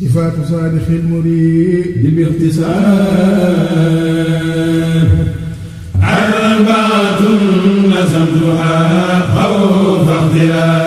صفات صالح المريد باختصار أربعة نزمتها خوف اختلاف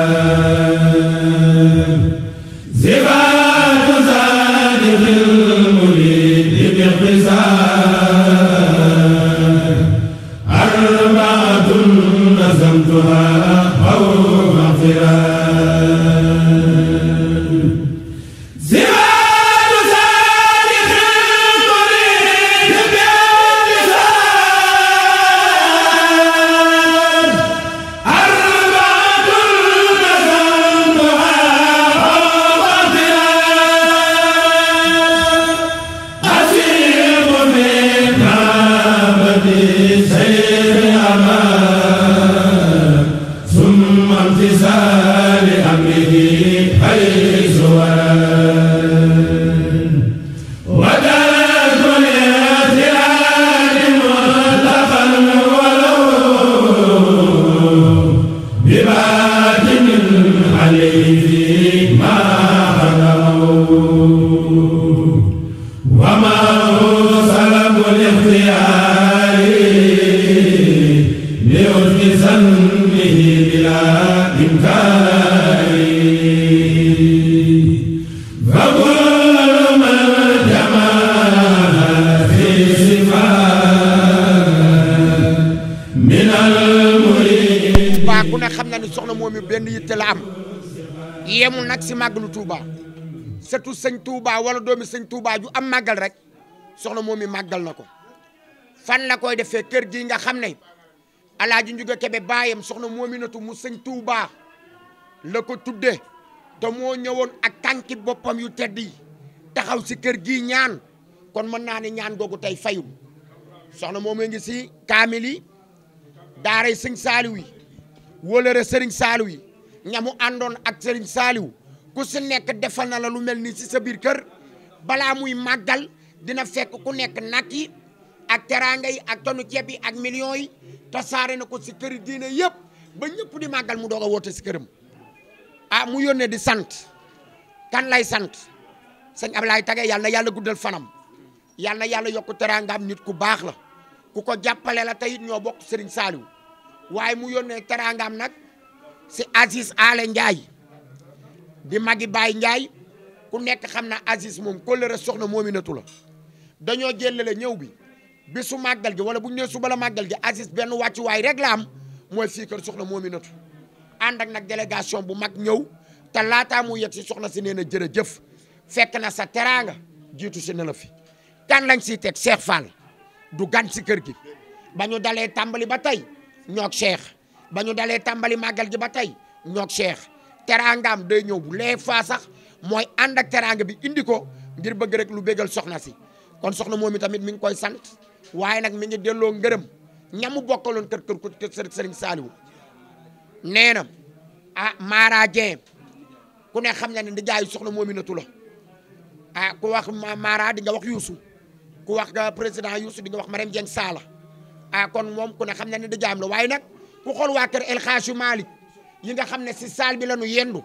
soxna moom it benn yitte la nag si màggalu Touba surtout sëñ Touba wala doomi sëñ Touba ju am màggal rek soxna moom it màggal na ko fan la koy defee kër gi nga xam ne alaaji Njuga Kebe baayam soxna moominatu mu sëñ Touba la ko tudde te moo ñëwoon ak tànki boppam yu tedd yi taxaw si kër gi ñaan kon mën naa ne ñaan googu tey fayul soxna moom ngi si kaamil yi daaray sëñ Saaliw yi wóolare Serigne Saliou yi ñamu àndoon ak Serigne saaliw ku si nekk defal na la lu mel ni si sa biir kër balaa muy màggal dina fekk ku nekk nag yi ak teraanga ak tonu ceeb yi ak millions yi tasaare na ko si këri diine yëpp ba ñëpp di màggal mu doog a woote si këram a ah, mu yónnee di sant kan lay sant sëñ Ablaye Tage yàlla na yàlla guddal fanam yàlla na yàlla yokk teraangaam nit ku baax la ku ko jàppale la tey it ñoo bokk Serigne Saliou waaye mu yónnee teraangam nag si Aziz Ale Ndiaye di magi Baye Ndiaye ku nekk xam naa Aziz moom kóllëre soxna moominatu la dañoo jëlale ñëw bi su màggal gi wala bu ñu nee suba la màggal gi Aziz benn wàccuwaay rek la am mooy fii kër soxna moominatu ànd ak nag délégation bu mag ñëw te laataa mu yegg si soxna si nee na jërëjëf fekk na sa teraanga jiitu si ne la fi. kan lañ siy teg Cheikh Fall du gan si kër gi ba ñu dalee tàmbali ba tey. ñoog Cheikh ba ñu dalee tàmbali màggal gi ba tey ñoog Cheikh teraangaam day ñëw bu lee sax mooy ànd ak teraanga bi indi ko ngir bëgg rek lu bégal soxna si kon soxna moom tamit mi ngi koy sant waaye nag mi ngi delloo ngërëm ñamu bokkaloon kër kër kër kër Serigne nee na ah Mara Dieng ku ne xam na ne di jaayu soxna moominatu la ah ku wax maraa di nga wax Youssou ku wax président Youssou di nga wax Marème Dieng Sala ah kon moom ku ne xam na ne dëjaam la waaye nag ku xool waa kër El Hadji Malick yi nga xam ne si saal bi la ñu yendu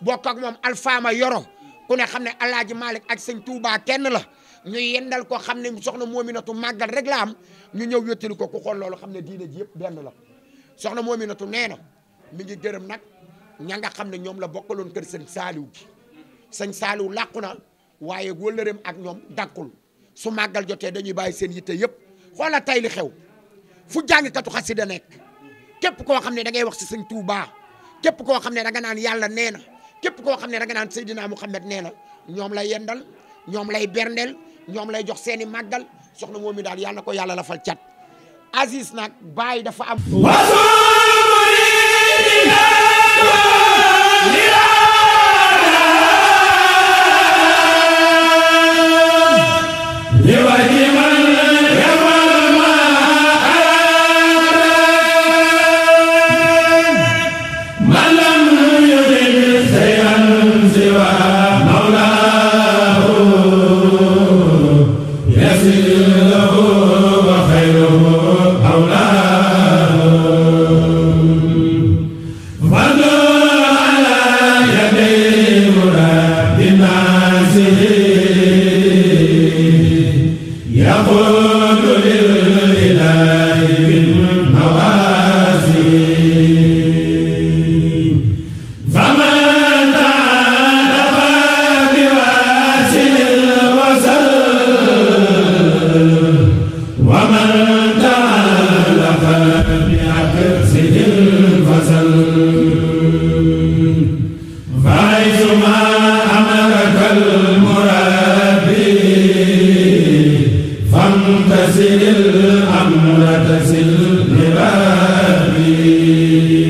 bokk ak moom alfaama yoro ku ne xam ne El Hadji Malick ak sëñ Touba kenn la ñu yendal ko xam ne soxna Mominatou màggal rek la am ñu ñëw wéttali ko ku xool loolu xam ne diine ji yëpp benn la soxna Mominatou nee na mi ngi gërëm nag ña nga xam ne ñoom la bokkaloon kër seen Saaliw gi sëñ Saaliw làqu na waaye wëllëreem ak ñoom dakkul su màggal jotee dañuy bàyyi seen yitte yëpp xoola tay li xew fu jàngkatu xasida nekk képp koo xam ne da ngay wax si sëñ Touba képp koo xam ne da nga naan yàlla nee na képp koo xam ne da nga naan Seydina Mouhamed nee na ñoom lay yendal ñoom lay berndeel ñoom lay jox seeni màggal soxna moom mi daal yàlla na ko yàlla la fal cat Aziz nag bàyyi dafa am. يا تسل الأمر تسل لبابي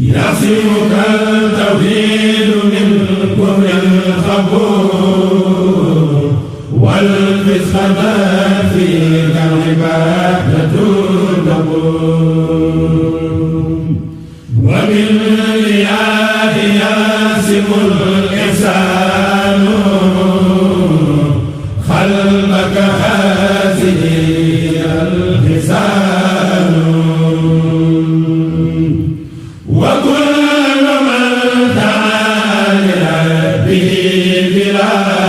يصيبك التوحيد من كفر الخبور والفسق فيك العبادة تقول ومن لله ياسم الإحسان ila